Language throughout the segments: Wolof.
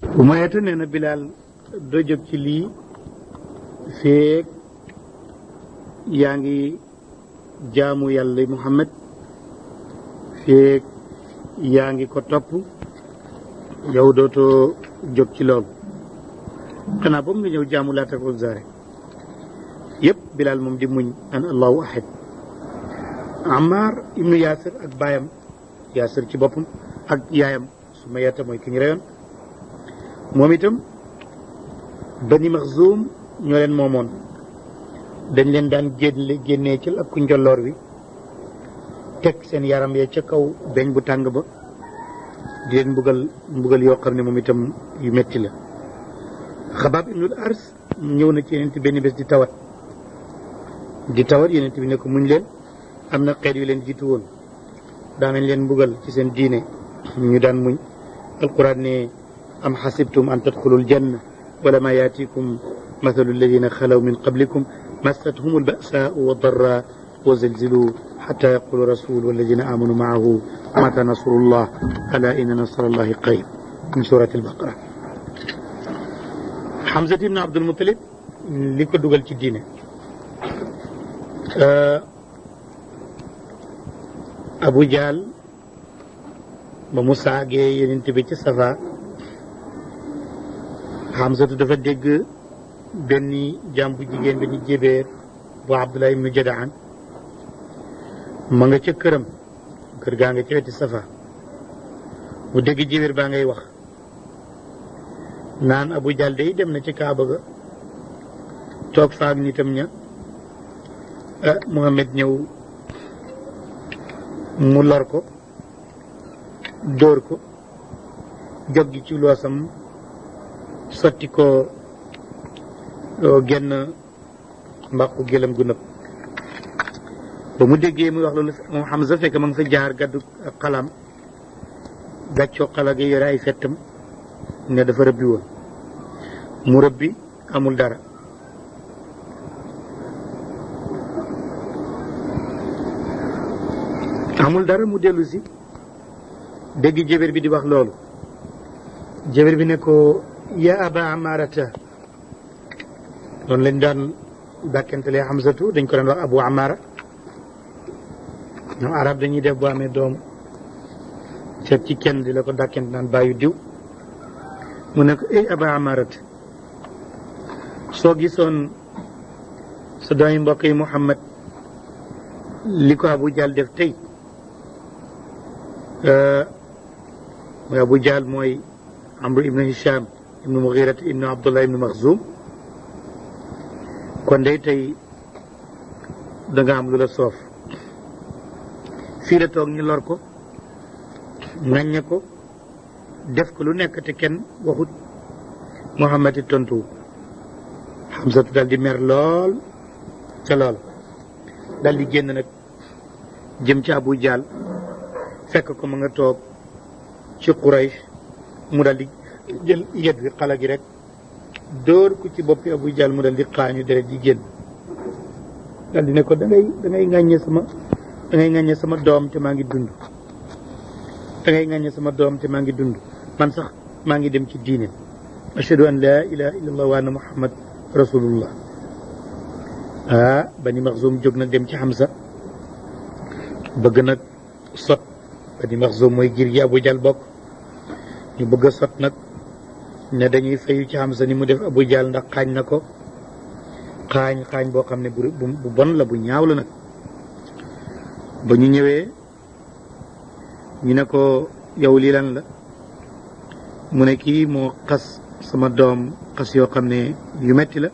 ma nee na bilaal doo jóg ci lii feeg yaa ngi jaamu yàlla muhammad feeg yaa ngi ko topp yow dootoo jóg ci loolu xanaa ba mu nga ñëw jaamu laata ko zaare yëpp bilaal moom di muñ an allahu ahad amar ibnu yaasir ak baayam yaasir ci boppam ak yaayam su ma yetta mooy ki ñu reyoon moom itam bani maxzuum ñoo leen moomoon dañ leen daan génne génnee ci lakku njolloor wi teg seen yaram yee ca kaw beñ bu tàng ba di leen mbugal yoo xam ne moom itam yu metti la xabaab ibnul ars ñëw na ci yeneen ti benn bés di tawat di tawat yeneen bi ne ko muñ leen am na xeet yu leen jiitu woon daanañ leen mbugal ci seen diine ñu daan muñ alquran أم حسبتم أن تدخلوا الجنة ولما يأتيكم مثل الذين خلوا من قبلكم مستهم البأساء والضراء وزلزلوا حتى يقول رسول والذين آمنوا معه متى نصر الله ألا إن نصر الله قريب من سورة البقرة حمزة بن عبد المطلب لكل دول الدين أبو جال Abu Jaal ba mu Hamzatu dafa dégg benn jaam bu jigéen bi di jébéer bu Abdullah ibnu ma nga ca këram kër gaa nga ca weti safa mu dégg jébéer baa ngay wax naan Abu Jahl day dem na ci Kaaba ga toog faag nitam ña ah Muhammad ñëw mu lor ko dóor ko jog ci loosam sotti ko genn mbàqu gëlam gu nëb ba mu déggee muy wax loolu moom Hamza fekk ma nga fa jaar gàddu ak xalaam gàccoo xala gi ay fettam ne dafa rëbbi woon mu rëbbi amul dara amul dara mu dellusi si dégg jébér bi di wax loolu jébér bi ne yaa aba amarata noonu lañ daan dàkkantelee Hamzatu dañ ko daan wax abu amara ñoom arab dañuy def bu amee doom seet ci di la ko dàkkante naan bàyyu diw mu ne ko ey aba amarata soo gisoon sa doomi mbokk yi Muhammad li ko Abu Jahl def tey euh, mooy Abu Jahl mooy Amr ibn Hisham ibn mughira ibn abdullah ibn makhzum kon day tay da nga am lu la soof la tok ñu lor ko ko def ko lu nekk te ken waxut muhammad tontu hamza dal di mer lol ca lol dal di genn nak jëm ci abu jaal fekk ko ma nga tok ci quraysh mu dal di jël yet bi gi rek door ku ci boppi Abu jal mu dal di deret ji génn di ne ko da ngay da sama doom te maa ngi dund da ngay sama doom te maa ngi dund man maa ngi dem ci diine ashhadu an laa ilaha illallah wa anna muhammad rasulullah ah bani maxzum jóg na dem ci Hamza bëgg nag sot bani maxzum mooy giir gi Abu Jahl bokk ñu bëgg sot nag ne dañuy fayu ci Hamza ni mu def Abu Jahl ndax xaañ na ko xaañ xaañ boo xam ne bu bon la bu ñaaw la nag ba ñu ñëwee ñu ne ko yow lii lan la mu ne kii moo xas sama doom xas yoo xam ne yu metti la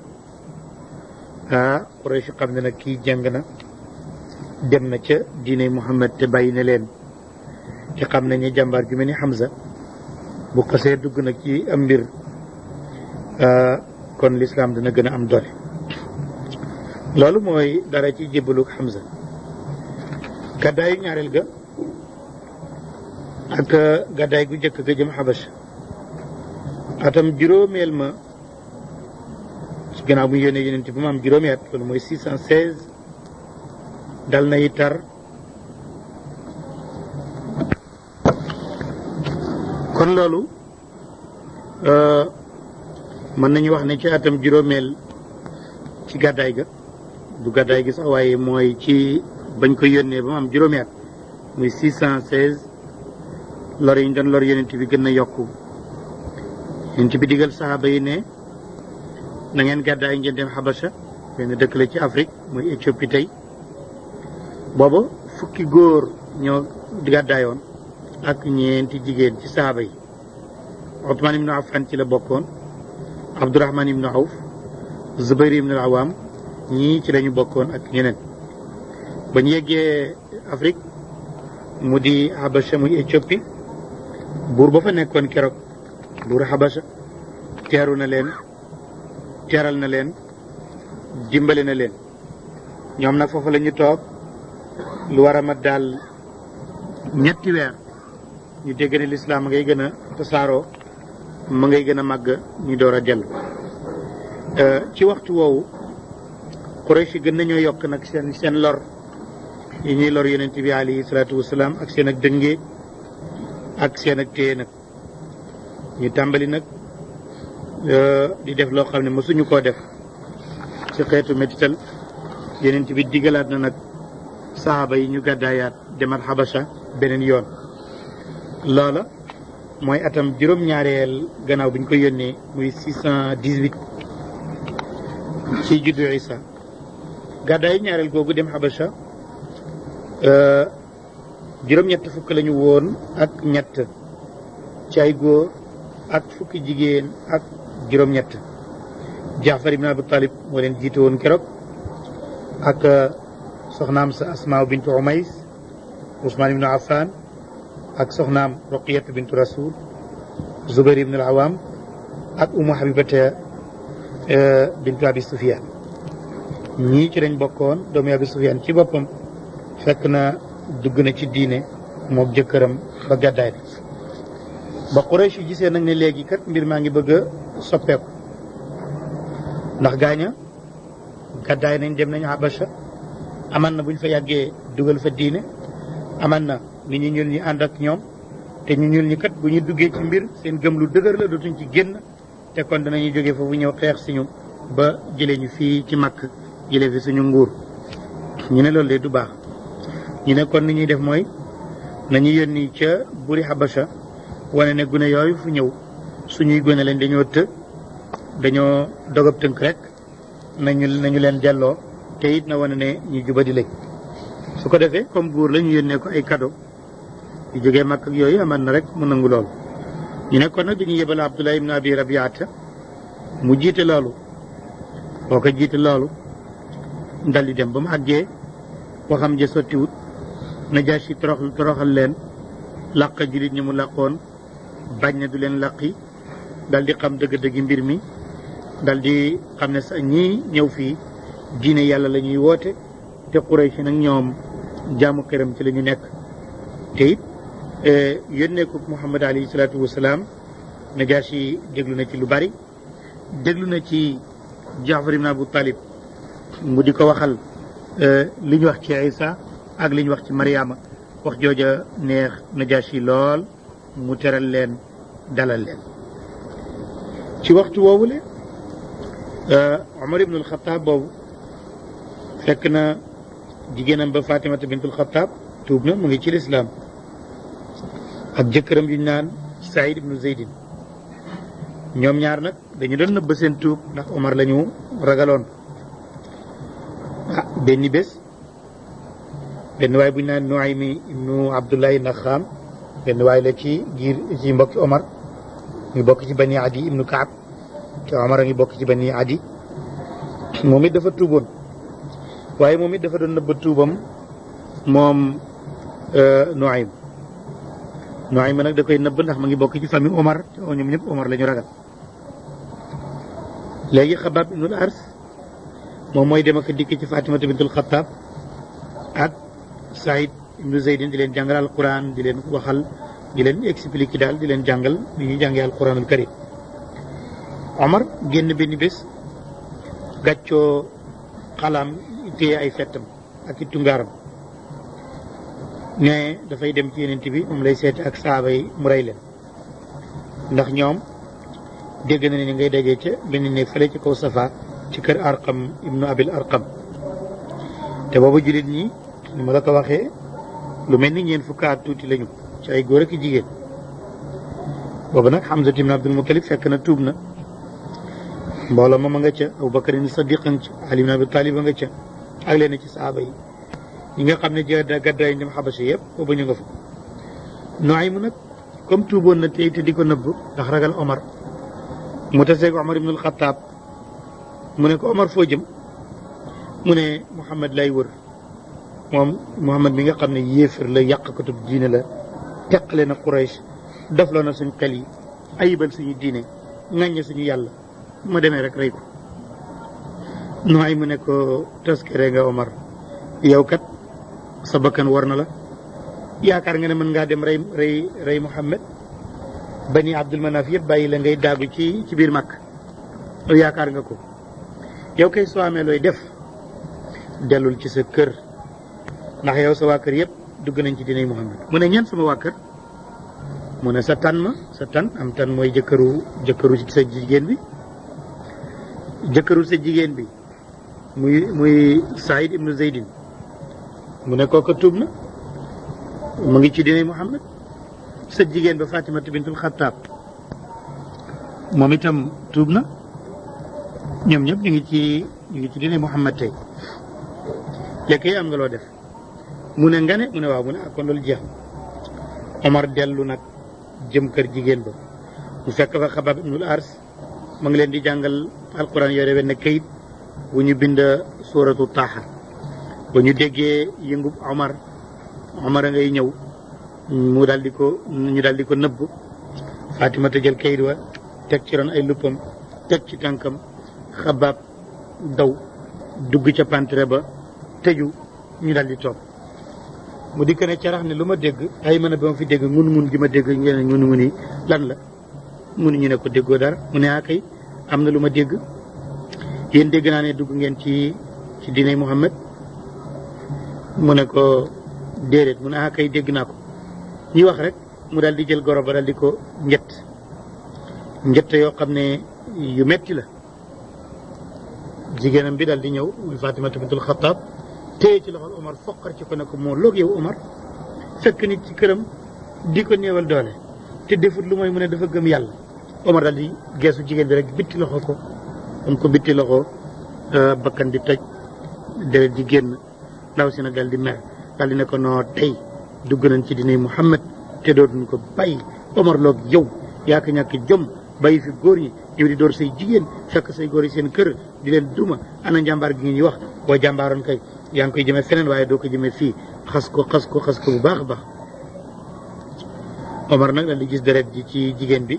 ah Quraysh xam ne nag kii jàng na dem na ca diine Muhammad te bàyyi ne leen te xam nañu jàmbaar ju mel ni Hamza bu xasee dugg nag ci am mbir ah, kon lislaam dina gën a am doole loolu mooy dara ci jébbalug Hamza gàddaayu ñaareel ga ak ah, gàddaay gu njëkk ga jëm atam juróomeel ma ci ganaaw bu ñu yónnee yonent bi mu am juróomi at loolu mooy six cent seize dal nay tar kon lolu euh man nañu wax ni ci atam juromel ci gaday ga du gaday gi sax waye moy ci bañ ko yónnee bam am juromel muy 616 lor yi ñu lor yonent bi gëna a yokku yonent bi digal sahaba yi ne na ngeen gaday ngeen dem Habasha ben dekk la ci Afrique muy Éthiopie tay bobu fukki goor ñoo gadayone ak ñeenti jigéen ci saaba yi Othman ibnu Affan ci la bokkoon Abdourahman ibnu Awf Zubair ibnu Awam ñii ci lañu bokkoon ak ñeneen ba ñu yeggee Afrique mu di Habasha muy Éthiopie buur ba fa nekkoon keroog buur Habasha teeru na leen teeral na leen dimbale na leen ñoom nag foofu la ñu toog lu war a mat daal ñetti weer ñu dégg ne lislaam ngay gën a tasaaroo mu ngay gën a màgg ñu door a jël euh, ci waxtu woowu Quraysh gën nañoo yokk nag seen seen lor yi ñuy lor yonent bi alayhi salaatu wasalaam ak seen ak dëngee ak seen ak téye nag ñu tàmbali nag euh, di def loo xam ne mësuñu koo def ci xeetu métital yonent bi digalaat na nag saxaaba yi ñu gàddaayaat demat xabasa beneen yoon loola mooy atam juróom-ñaareel gannaaw bi ñu ko yónnee muy six cent dix-huit ci juddu Isa gàddaayu ñaareel googu dem Habasha euh, juróom-ñett fukk lañu woon ak ñett ci ay góor ak fukki jigéen ak juróom-ñett Jaafar ibn Abi Talib moo leen jiite woon keroog ak euh, soxnaam sa Asmaa bintu may Usmaan ibn Affan ak soxnaam ruqiyat bintu rasul zubair ibn al awam ak umu habibata bintu abi sufyan ñii ci domi bokkoon doomu abi sufyan ci boppam fekk na dugg na ci diine mook jëkkëram ba gàddaay ba quraish gisee nag ne léegi kat mbir maa ngi bëgg a soppeeku ndax gaaña gàddaay nañ dem nañ habasha aman na buñ fa yàggee dugal fa diine aman na nit ñi ñuul ñi ànd ak ñoom te ñu ñuul ñi kat bu ñu duggee ci mbir seen gëm lu dëgër la dootuñ ci génn te kon danañu jógee foofu ñëw xeex si ñu ba jëlee ñu fii ci màkk jëlee suñu nguur ñu ne loolu de du baax ñu ne kon ni ñuy def mooy nañu ni ca buri xabasa wane ne gune yooyu fu ñëw suñuy gone leen dañoo të dañoo dogab tënk rek nañu nañu leen delloo te it na wane ne ñu jubadi lañ su ko defee comme guur la ñu yónnee ko ay kado di jógee Makka ak yooyu aman na rek mu nangu loolu ñu ne kon nag dañuy yebal Abdullah ibn Abi Rabiata mu jiite loolu boo ko jiite loolu dal di dem ba mu àggee waxam ja sottiwut Najaasi torox toroxal leen làq julit ñi mu làqoon bañ na du leen làqi dal di xam dëgg-dëggi mbir mi dal di xam ne te Quraysh jaamu ci nekk yónnee ko Muhammad alayhi salaatu wa salaam Najaasi déglu na ci lu bari déglu na ci Jaafar ibn Abu Talib mu di ko waxal li ñu wax ci Isa ak li ñu wax ci Mariama wax jooja neex Najaasi lool mu teral leen dalal leen ci waxtu woowule Omar ibn al-Khattab boobu fekk na jigéenam ba Fatimata bint al-Khattab tuub na mu ngi ci lislaam ak jëkkëram yu ñu naan Saïd ibnu Zeydin ñoom ñaar nag dañu doon nëbb seen tuub ndax Omar la ñu ragaloon ah benn bés benn waay buñ ñu naan Nuaymi ibnu Abdullahi Naxaam benn waay la ci giir ci mbokki Omar ñu bokk ci bani Adi ibnu Kaab te Omar a ngi bokk ci bani Adi moom it dafa tuuboon waaye moom it dafa doon nëbb tuubam moom euh, Nuaym Nuayma nag da koy nëbb ndax ma ngi ci fami Omar oh, te ñoom Omar lañu ragal léegi ibn al ars mo moy dem ak dik ci bint al-khattab ak said ibn Zeydin di jangal al-quran di len waxal di len expliquer dal di len jangal ni al-quran al karim Omar genn benn bes, gaccio xalam téye ay fettam ak tungaram ne dafay dem ci yonent bi moom lay seeti ak saaba yi mu rey leen ndax ñoom dégg na ngay dajee ca benn néeg fële ci kaw safa ci kër arqam ibnu abil arqam te boobu jullit ñi ni ma la ko waxee lu mel ni ñeen fukkaat tuuti lañu ci ay góor ak i jigéen boobu nag Hamza ibn Abdul Muttalib fekk na tuub na mbooloo ma ma nga ca Abu Bakar ibn Sadiq nga ca Ali ibn Abi Talib nga ca ak leen ci saaba yi ñi nga xam ne jënd gàddaay ñoom xabasa yëpp boobu ñu nga fa nooy mu nag comme tuuboon na tey te di ko nëbb ndax ragal Omar mu taseeg Omar ibnul Xataab mu ne ko Omar foo jëm mu ne Mouhamed lay wër moom Mouhamed mi nga xam ne yéefar la yàqkatub diine la teqale na Quraysh defloo na suñ xel yi ayibal suñu diine ŋàññe suñu yàlla ma demee rek rey ko nooy mu ne ko taskere nga Omar yow kat sa bakkan war na la yaakaar nga ne mën ngaa dem rey rey rey Muhammad bani Abdul Manaf yëpp bàyyi la ngay daagu ci ci biir màkk yaakaar nga ko yow kay soo amee looy def dellul ci sa kër ndax yow sa waa kër yëpp dugg nañ ci dinay Muhammad mu ne ñeen sama waa kër mu ne sa tan ma sa tan am tan mooy jëkkëru jëkkëru sa jigéen bi jëkkëru sa jigéen bi muy muy Saïd ibnu Zeydin mu ne ko tuub na mu ngi ci Muhammad sa jigen ba fatima bintul khattab momitam itam tuub na ñoom ñëpp ngi ci ngi ci Muhammad tey ya am nga lo def mu ne nga mu ne waaw mu ne ah, jeex Omar delu nak jëm kër jigen ba mu fekk fa ibn al ars ma ngi leen di jangal alquran yore wenn kayit wu ñu bind suuratu ba ñu déggee yëngu Omar Omar a ngay ñëw mu daldi di ko ñu daal di ko nëbb Fatimata jël kayit wa teg ci ron ay luppam teg ci tànkam xabaab daw dugg ca pantre ba tëju ñu daal di toog mu dikk ne carax ne lu ma dégg ay mën a ba ma fi dégg mun mun gi ma dégg ngeen mun mun lan la mun ñu ne ko déggoo dara mu ne ah am na lu ma dégg yéen dégg naa ne dugg ngeen ci ci diine Muhammad mu ne ko déedéet mu ne ah kay dégg naa ko ñuy wax rek mu daal di jël goro ba daal di ko njët njëtt yoo xam ne yu metti la jigéenam bi daal di ñëw muy Fatimata bintul Xattaab téye ci loxo Omar foqar ci ko ne ko moo loog yow Omar fekk nit ci këram di ko néewal doole te defut lu mooy mu ne dafa gëm yàlla Omar daal di geesu jigéen bi rek bitti loxo ko am ko bitti loxo ah, bakkan bi toj deret di génn ndaw si nag daal di mer daal di ne ko noo tey dugg nañ ci dinay Muhammad te dootuñ ko bay Omar loog yow yaa ko ñàkk jom bay fi góor ñi yow di door say jigéen fekk say góor yi seen kër di leen duma ana njàmbaar gi ngeen di wax boo jàmbaaroon kay yaa ngi koy jëmee feneen waaye doo ko jëmee fii xas ko xas ko xas ko bu baax baax Omar nag daal di gis deret ji ci jigéen bi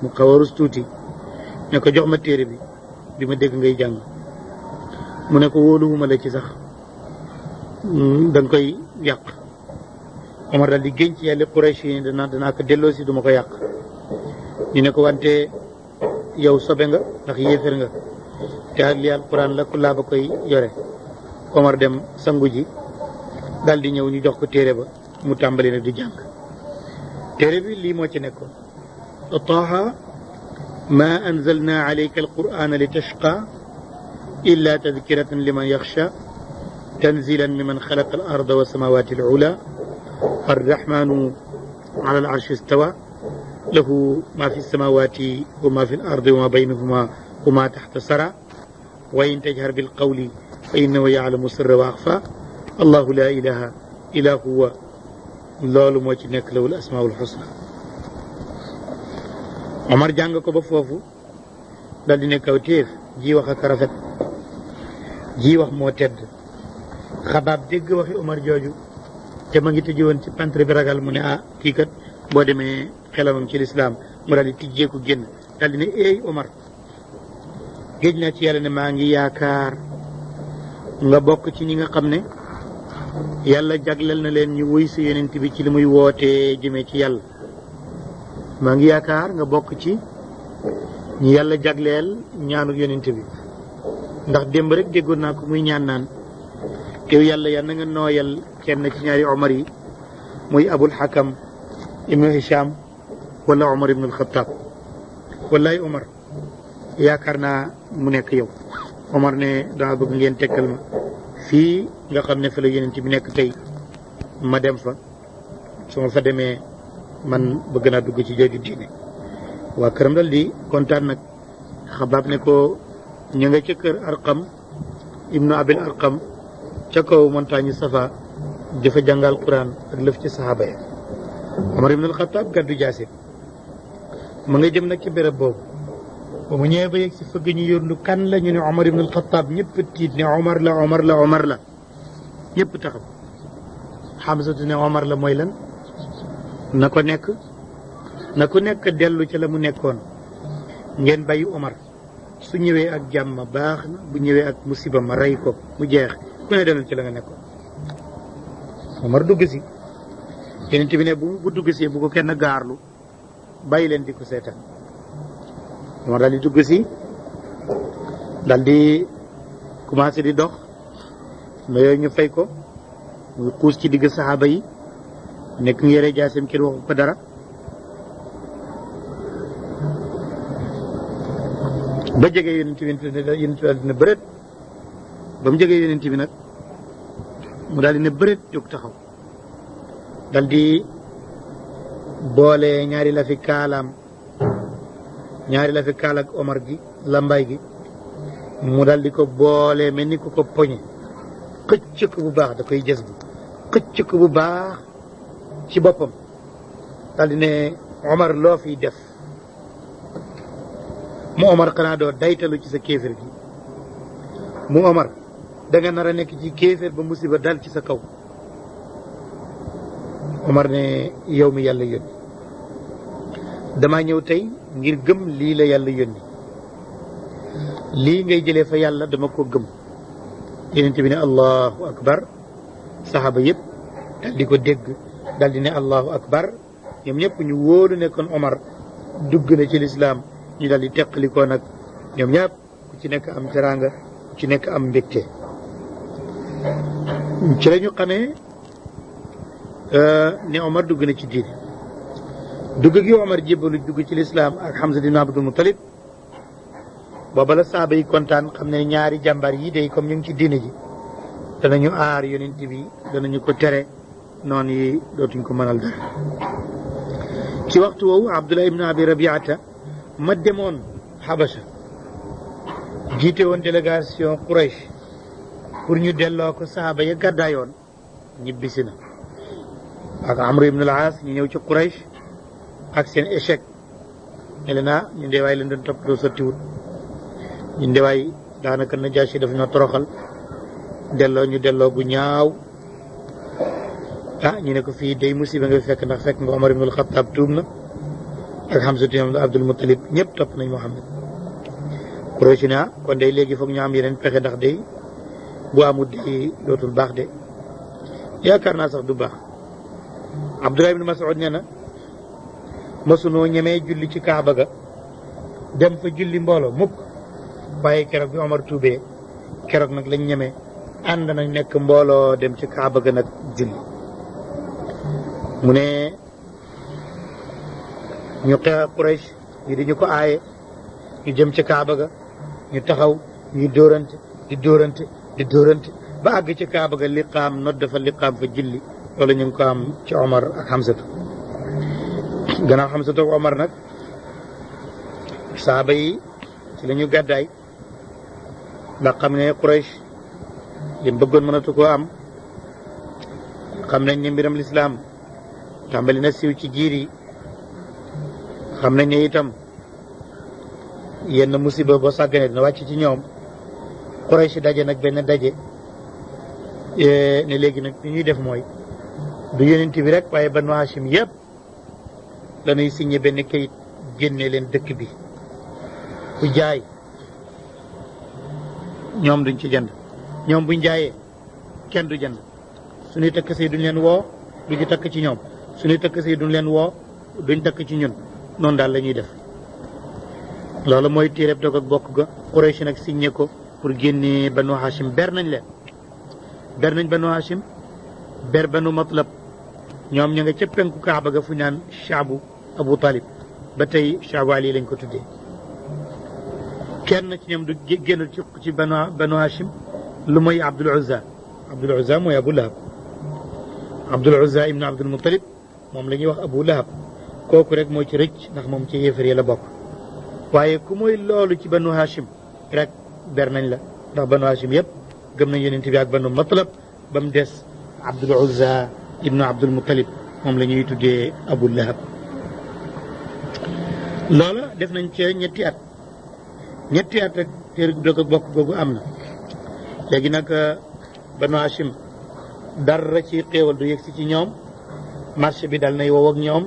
mu xaw a tuuti ne ko jox ma téere bi bi ma dégg ngay jàng mu ne ko wóoluwuma la ci sax da nga koy yàq Omar daal di génn ci yàlla Quraysh yi dana danaa ko delloo si du ma ko yàq ñu ne ko wante yow sobe nga ndax yéefér nga te ak li alquran la ku laa ba koy yore Omar dem sangu ji daal di ñëw ñu jox ko téere ba mu tàmbali nag di jàng téere bi lii moo ci nekkoon taaha ma anzalna alayka alqurana li tashqa illa tadkiratan liman yaxsha تنزيلا ممن خلق الأرض والسماوات العلى الرحمن على العرش استوى له ما في السماوات وما في الأرض وما بينهما وما تحت سرى وإن تجهر بالقول فإنه يعلم السر وأخفى الله لا إله إلا هو ظالم وجنك له الأسماء الحسنى عمر xusna كو jàng ko ba foofu dal جي nekkaw موتد xabaab dégg waxi Omar Joju, te ma ngi tëjee woon ci pantre bi ragal mu ne ah kii kat boo demee xelamam ci lislaam mu daal di tijjeeku génn daal di ne eey Omar géej naa ci yàlla ne maa ngi yaakaar nga bokk ci ñi nga xam ne yàlla jagleel na leen ñu wuy si yonent bi ci li muy wootee jëmee ci yàlla maa ngi nga bokk ci ñu yàlla jagleel ñaanu yonent bi ndax démb rek déggoon ko muy ñaan naan yow yàlla yal na nga nooyal kenn ci ñaari Omar yi muy Abul Hakam ibnu Hisham wala Omar ibnu Alxataab wallaay Omar yaakaar naa mu nekk yow Omar ne dama bëgg ngeen tekkal ma fii nga xam ne fa la bi nekk tey ma dem fa su ma fa demee man bëgg naa dugg ci jooju diine waa këram dal di kontaan nag xabaab ne ko ñu nga ca ibnu Abil Arqam ca kaw montagne safa di jangal quran ak leuf ci sahaba ya omar ibn al-khattab gaddu jasib ma nga jëm nak ci béréb boobu bu mu ñëwee ba yegg si fëgg ñu yornu kan la ñu ni omar ibn al-khattab ñepp tiit ni omar la omar la omar la ñepp taxaw hamza omar la moy lan na nek nako nek delu ci la mu nekkon ngeen bayyi omar su ñëwee ak jamm baax na bu ñëwee ak musiba ma ray ko mu jeex ku ne demal ci la nga nekkoon Omar dugg si yeneen bi bu bu dugg si bu ko kenn gaarlu bàyyi leen di ko seetaan Omar daal di dugg si daal di commencé di dox mais yooyu ñu fay ko muy xuus ci digg saxaaba yi nekk ñu yore jaaseem kenn waxu ko dara ba jege yeneen bi yeneen bi daal dina bërët ba mu jegee yonent bi nag mu daldi di ne bëreet jóg taxaw dal di boole ñaari lafi kaalaam ñaari lafi kaal omar gi lambay gi mu daldi ko boole mel ni ko poñe xëcc ko bu baax da koy jës bi xëcc bu baax ci boppam daal di ne omar loo def mu omar xanaa doo daytalu ci sa kéefér gi mu omar da nga nara nek ci kéeféer ba musiba dal ci sa kaw omar ne yow mi yalla yoni dama ñew tay ngir gëm li la yalla yoni li ngay jëlé fa yalla dama ko gëm yenente bi ne allahu akbar sahaba yeb dal di ko dal di ne allahu akbar ñom ñep ñu wolu ne kon omar dugg na ci l'islam ñu dal di tekkaliko nak ñom ñap ku ci nek am teranga ku ci nek am mbekté ci la ñu xamee euh, ne Omar dugg na ci diine dugg gi Omar jébbalu dugg ci lislaam ak Hamza bin Abdul Muttalib booba la saaba yi kontaan xam ne ñaari jàmbar yi day comme ñu ngi ci diine ji danañu aar yonent bi danañu ko tere noon yi dootuñ ko mënal dara ci waxtu woowu Abdullah ibn Abi Rabiata ma demoon Habasha jiite woon délégation Quraysh pour ñu delloo ko saaba ya gàddaayoon ñibbisi na ak amru ibnul aas ñu ñëw ci quraysh ak seen échec ne leen ah ñu ndewaay leen doon toppatoo sottiwut ñu ndewaay daanaka najaasi daf ñoo toroxal delloo ñu delloo bu ñaaw ah ñu ne ko fii day musiba nga fekk ndax fekk nga Omar ibnul Xataab tuub na ak Hamza ibn Abdul Muttalib ñëpp topp nañ Muhammad Quraysh ne ah kon day léegi foog ñu yeneen pexe ndax day bu amul di dootul baax de yaakaar naa sax du baax abdullah ibn mas'ud nee na masunoo ñemee julli ci kaaba ga dem fa julli mbooloo mukk waaye keroog bi omar tuubee keroog nag lañ ñemee ànd nañ nekk mbooloo dem ci kaaba ga nag julli mu ñu quraish yi di ñu ko aaye ñu ci kaaba ga ñu taxaw ñu dóorante di dóorante di durante ba ag ci kaaba ga liqam nodd fa liqam fa julli lolu ñu ko am ci omar ak xamsatu gëna xamsatu ak omar nak saaba yi ci lañu gaday ba xam li bëggoon mënatu ko am ni mbiram l'islam tambali na siw ci giir yi ni itam yenn musibe bo sagane dina wacc ci ñoom Quraysh daje nag benn daje e, ne léegi nag li ñuy def mooy du yonent bi rek waaye Banu Hashim yëpp dañuy signé benn kayit génne leen dëkk bi ku jaay ñoom duñ ci jënd ñoom buñ jaayee kenn du jënd suñuy takk sëy duñ leen woo duñu takk ci ñoom suñuy takk sëy duñ leen woo duñ takk ci ñun noonu daal lañuy def loolu mooy téereb dog ak bokk ga Quraysh nag signé ko Bakr génnee banu Hachim ber nañ leen ber nañ banu Hachim ber banu Matlab ñoom ña nga ca penku Kaaba ga fu ñaan Chaabu Abu Talib ba tey Chaabu Ali lañ ko tuddee kenn ci ñoom du génn ci ci banu banu Hachim lu mooy Abdul Uzza Abdul Uzza mooy Abu Lahab Abdul Uzza ibnu Abdul Muttalib moom la ñuy wax Abu Lahab kooku rek mooy ci rëcc ndax moom ci yéefar yi la bokk waaye ku muy loolu ci banu Hachim rek ber nañ la ndax banu hashim yëpp gëm nañ yonent bi ak banu matlab ba mu des abdul uzza ibnu abdul muttalib moom la ñuy tuddee abu lahab loola def nañ ci ñetti at ñetti at ak téer gu dëkk bokk googu am na léegi nag banu hashim dara ci xéewal du yegsi ci ñoom marché bi dal nay wow ak ñoom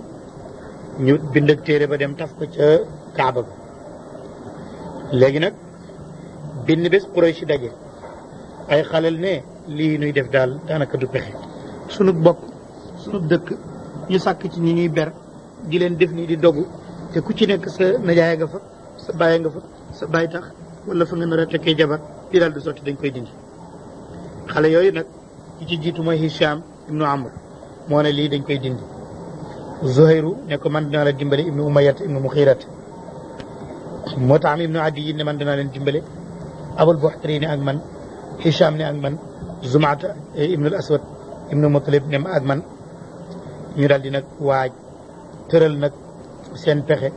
ñu bind ak téere ba dem taf ko ca kaaba ba léegi nag benn bés Quraysh daje ay xalel ne lii nuy def daal daanaka du pexe sunu bopp sunu dëkk ñu sàkk ci ñi ñuy ber di leen di dogu te ku ci nekk sa najaay nga fa sa baay nga fa sa baay tax wala fa nga nar a tekkee jabar lii daal du sotti dañ koy dindi xale yooyu nag ki ci jiitu mooy Hisham ibnu Amr moo ne lii dañ koy dindi Zuhayru ne ko man dinaa la dimbale ibnu Umayyat mu Muxirat moo tax am ibnu Adi ne man dinaa leen dimbale abul buxtari ne ak man hisham ne ak man zumaata eh, ibnul aswad ibnu mutalib ne ma ak man ñu daal di nag waaj tëral nag seen pexe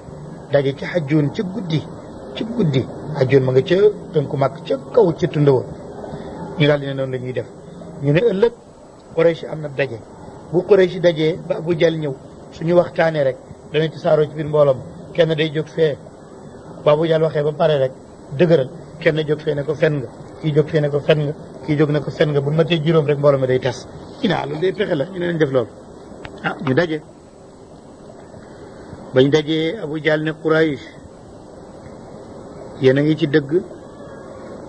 daje ci xajjuun ci guddi ci guddi xajjuun ma nga ca tënku màkk ca kaw ca tund ñu daal di noonu la ñuy def ñu ne ëllëg Quraysh am na daje bu Quraysh dajee ba Abu Jahal ñëw suñu waxtaanee rek dana ci saaroo ci biir mbooloom kenn day jog fee ba bu Jahal waxee ba pare rek dëgëral kenn jóg fee ne ko fen nga jóg ne ko fen nga kii ko fen nga bu matee juróom rek mbooloo mi day tas ñu ne loolu day pexe la ñu ne leen def loolu ah ñu daje bañ dajee Abu Jahl ne Quraysh yéen a ngi ci dëgg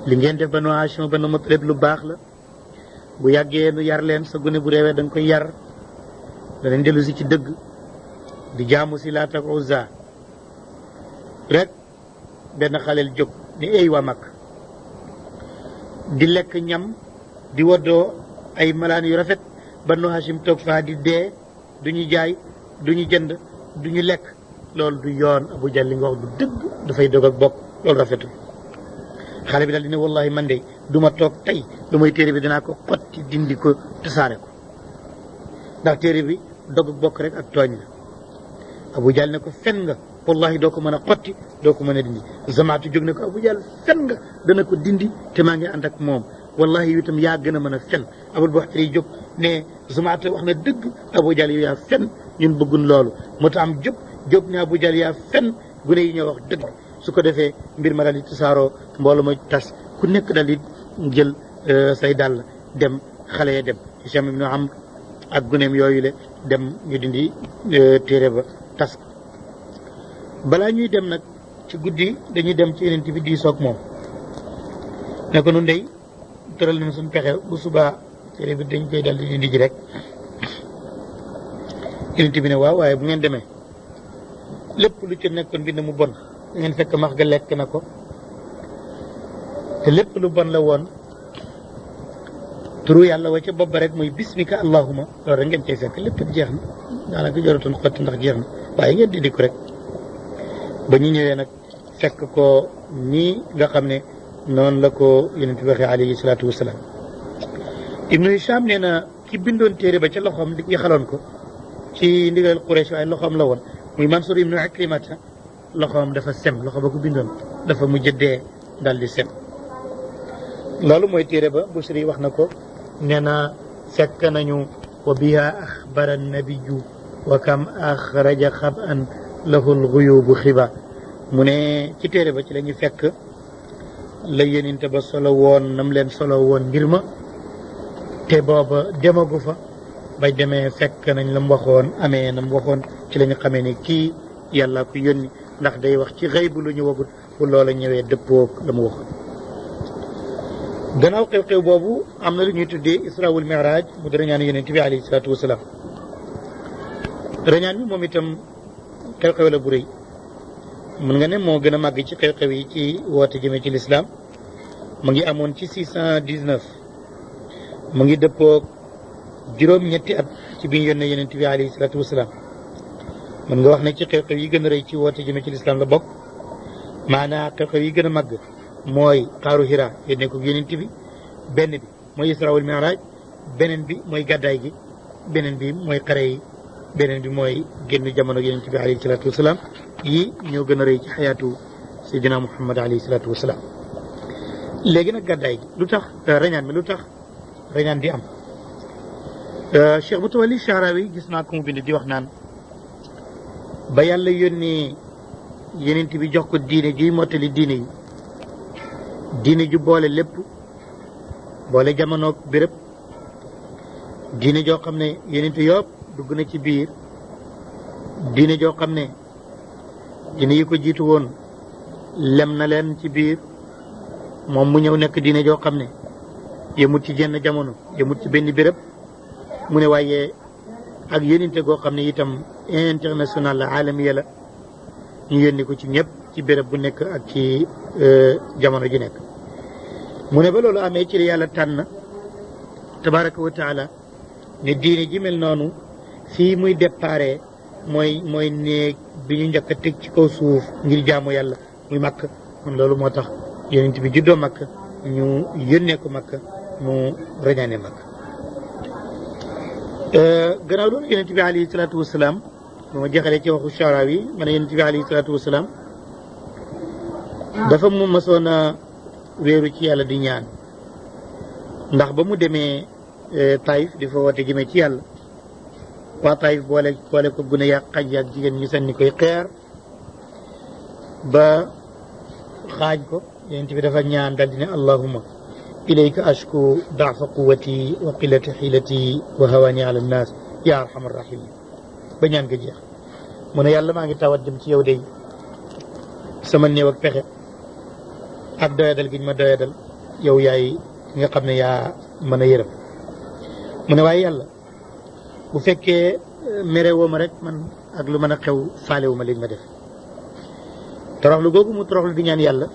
li ngeen def Banu Haashim Banu Mutalib lu baax la bu yàggee nu yar leen sa gune bu réewee da koy yar danañ dellu si ci dëgg di jaamu si Laat ak Uzza rek benn xaleel jóg di eey waa mag di lekk ñam di waddoo ay malaan yu rafet banu Hashim toog faa di dee du ñu jaay du ñu jënd du ñu lekk loolu du yoon Abu Jahl li nga wax du dëgg dafay dog ak bokk loolu rafetul xale bi daal di ne wallahi man de du ma toog tey lu may téere bi dinaa ko xotti dindi ko tasaare ko ndax téere bi dog bokk rek ak tooñ la Abu Jahl ne ko fen nga wallahi doo ko mën a xotti doo ko mën a dindi zamaatu jóg na ko abu jàll fen nga dana ko dindi te maa ngi ànd ak moom wallahi yow itam yaa gën a mën a fen abul baxtari jóg ne zamaatu wax na dëgg abu jàll yow yaa fen ñun bëggun loolu moo tax am jóg jóg ne abu jàll yaa fen gune yi ñoo wax dëgg su ko defee mbir ma daal di tasaaroo mbooloo ma tas ku nekk daal di jël euh, say dàll dem xale ya dem Hisham ibnu am ak guneem yooyu le dem ñu dindi euh, téere ba tas bala ñuy dem nak ci guddii dañuy dem ci yenente bi di sok moom ne ko nun dey tëral nañ suñ pexe bu suba téere bi dañ koy dal di dindi ji rek yenente bi ne waaw waaye bu ngeen demee lépp lu ci nekkoon na mu bon ngeen fekk max ga lekk na ko te lépp lu bon la woon turu yàlla wa ca bobba rek mooy bismika allahuma loolu rek ngeen cay fekk lépp jeex na daanaka joratul xotti ndax jeex na waaye ngeen dindi ko rek ba ñu ñëwee nag fekk ko nii nga xam ne noonu la ko yonent bi waxee alayhi salaatu wasalaam ibnu hisham nee na ki bindoon téere ba ca loxoom di yaxaloon ko ci ndigal Quraysh waaye loxoom la woon muy Mansour ibnu Akrimata loxoom dafa sem loxo ba ko bindoon dafa mu jëddee daal di sem loolu mooy téere ba Busiri wax na ko nee na fekk nañu wa biha axbara nabiyu wa kam axraja xaban lahul bu xiba mu ne ci téere ba ci la ñu fekk la yeninte ba solo woon nam leen solo woon mbir ma te booba demagu fa bañ demee fekk nañ la mu waxoon amee na mu waxoon ci la ñu xamee ni kii yàlla ku yónni ndax day wax ci xëy bu lu ñu wagut bu loola ñëwee dëppoog la mu waxoon gannaaw xew-xew boobu am na lu ñuy tuddee israawul miraaj mu di rañaan yenente bi alayhi salaatu wasalaam rañaan bi moom itam xew-xew la bu rëy mën nga ne moo gën a màgg ci xew-xew yi ci woote jëme ci lislaam mu ngi amoon ci six cent dix mu ngi dëppoo juróom-ñetti at ci bi ñu yónnee yonent bi alayhi salaatu wasalaam mën nga wax ne ci xew-xew yi gën a rëy ci woote jëme ci lislaam la bokk maanaa xew-xew yi gën a màgg mooy xaaru Hira yónnee ko yonent bi benn bi mooy Israa wal Miraaj beneen bi mooy gàddaay gi beneen bi mooy xare yi beneen bi mooy génn jamono yonent bi alayhi salaatu wasalaam yi ñoo gën a rëy ci xayaatu sayyidina Muhammad alayhi salaatu wasalaam léegi nag gàddaay gi lu tax euh, rañaan bi lu tax rañaan di am euh, Cheikh Mutawalli Sha'rawi gis naa ko mu bind di wax naan ba yàlla yónnee yonent bi jox ko diine juy mottali diine yi diine ju boole lépp boole jamonoog béréb diine joo xam ne yonent yëpp dugg na ci biir diine joo xam ne diine yi ko jiitu woon lem na leen ci biir moom mu ñëw nekk diine joo xam ne yëmut ci jenn jamono yëmut ci benn béréb mu ne waaye ak yónninte goo xam ne itam international la aalamiya la ñu yónni ci ñëpp ci bërëb bu nekk ak ci e, jamono ju nekk mu ne ba loolu amee ci la yàlla tànn tabaraka wa taala ne diine ji mel noonu fii muy déparé mooy mooy néeg bi ñu njëkk a teg ci kaw suuf ngir jaamu yàlla muy màkk kon loolu moo tax yonent bi juddoo màkk ñu yónnee ko màkk mu reñaane màkk euh, gannaaw loolu yonent bi alayhi salaatu wasalaam bu ma jeexalee ci waxu chara yi ma ne yonent bi alayhi salaatu dafa mu masoon a wéeru ci yàlla di ñaan ndax ba mu demee euh, Taïf di fa woote ci yàlla waataay boole boole ko gune yàq xaj yaak jigéen ñu sànni koy xeer ba xaaj ko yonent bi dafa ñaan dal di ne allahuma ilayka ashku daafa quwati wa qillati xiilati wa hawaani ala nnaas ya arhamar rahim ba ñaan nga jeex mu ne yàlla maa ngi tawat jëm ci yow day sama néew ak pexe ak doyadal gi ñu ma doyadal yow yaay nga xam ne yaa mën a yërëm mu ne waaye yàlla bu fekkee eh, merewoo ma rek man ak lu mën a xew faalewu ma liñ ma def toroxlu googu mu toroxlu di ñaan yàlla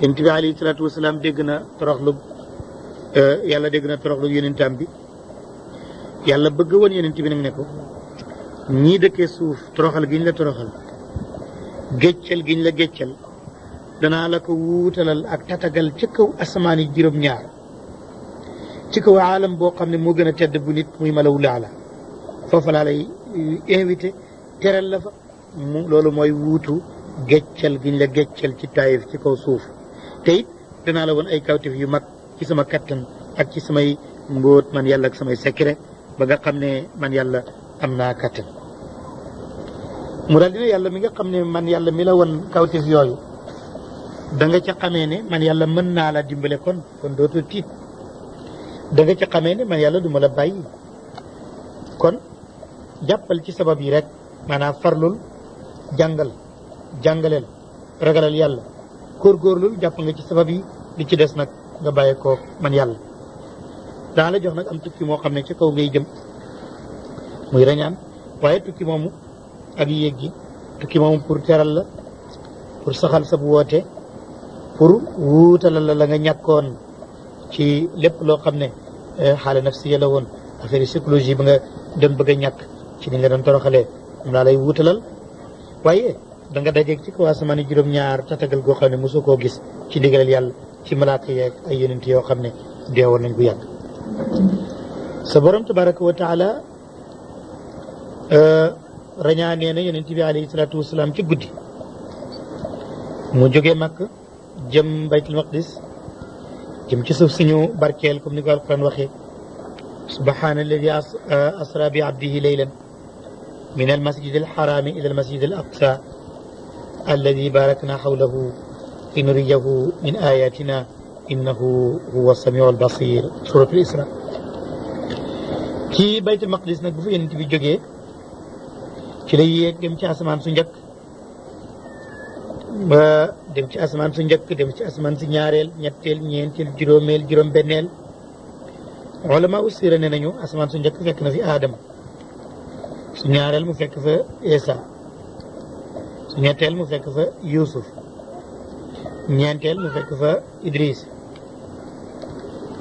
yonent bi alayhi salaatu wasalaam dégg na toroxlu eh, yàlla dégg na toroxlu yonentam bi yàlla bëgg wan yonent bi nag ne ñii dëkkee suuf toroxal giñ la toroxal géccal giñ la géccal danaa la ko wuutalal ak tatagal ca kaw asamaani juróom-ñaar ci kaw aalam boo xam ne moo gën a tedd bu nit muy malawu laala foofa laa lay eh, invité teral la fa mu loolu mooy wuutu geccal giñ la geccal ci taayif ci kaw suuf te it danaa la woon ay kawtif yu mag ci sama kattan ak ci samay mbóot man yàlla ak samay secret ba nga xam ne man yàlla am naa kattan mu daal dina yàlla mi nga xam ne man yàlla mi la woon kawtif yooyu da nga ca xamee ne man yàlla mën naa la dimbale kon kon dootoo tiit da nga ci xamee ne man yàlla duma la bàyyi kon jàppal ci sabab yi rek maanaam farlul jàngal jàngaleel ragalal yàlla góorgóorlul jàpp nga ci sabab yi li ci des nag nga bàyyi ko man yàlla daa la jox nag am tukki moo xam ne ci kaw ngay jëm muy rañaan waaye tukki moomu ak yéeg gi tukki moomu pour teral la pour saxal bu woote pour wuutalal la la nga ñàkkoon ci lepp lo xamne xala eh, xaala nafsiya la woon affaire psychologie bi nga dem bëgg ñak ci ni nga don toroxale moom la lay wutalal waye da nga dajé ci kaw asamaan yi juróom-ñaar ta tagal go xamne musu ko gis ci ndigalal yalla ci malaaka yeek ay yoonent yo xamne ne nañ bu yag sa borom tabaaraku wa taala euh nee na yoonent bi alayhi salatu wassalam ci guddii mu joge makka jëm baytul maqdis جم جسف سنو باركي كم نقول قرآن وخي سبحان الذي أسرى بعبده ليلا من المسجد الحرام إلى المسجد الأقصى الذي باركنا حوله لنريه من آياتنا إنه هو السميع البصير سورة الإسراء كي بيت المقدس نقف إن تبي كي كي كم جمتي أسمان سنجك dem ci asamaan su njëkk dem ci asamaan su ñaareel ñetteel ñeenteel juróomeel juróom-benneel ulama usira ne nañu asamaan su njëkk fekk na fi aadama su ñaareel mu fekk fa Esa su ñetteel mu fekk fa Yuusuf ñeenteel mu fekk fa Idris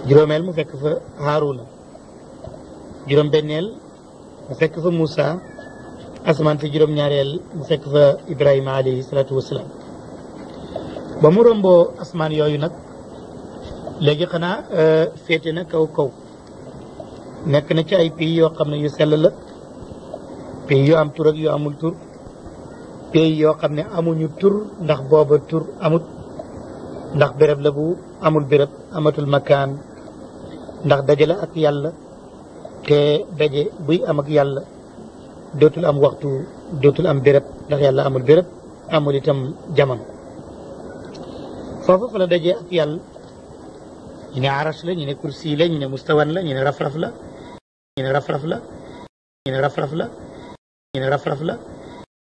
juróomeel mu fekk fa Haaruna juróom-benneel mu fekk fa Moussa asamaan si juróom-ñaareel mu fekk fa Ibrahima alayhi salaatu wasalaam ba mu romboo asmaan yooyu nag léegi xanaa euh, féete na kaw kaw nekk na ci ay pays yoo xam ne yu sell la pays yu am tur amul tur pays yoo xam ne amuñu tur ndax booba tur amut ndax béréb la bu amul béréb amatul makaan ndax daje la ak yàlla te daje buy am yàlla dootul am waxtu dootul am béréb ndax yàlla amul béréb amul itam jamono foofu fa la dajee ak yàlla ñu ne la ñu ne kursi la ñu mustawan la ñu ne rafraf la ñu ne la ñu ne raf la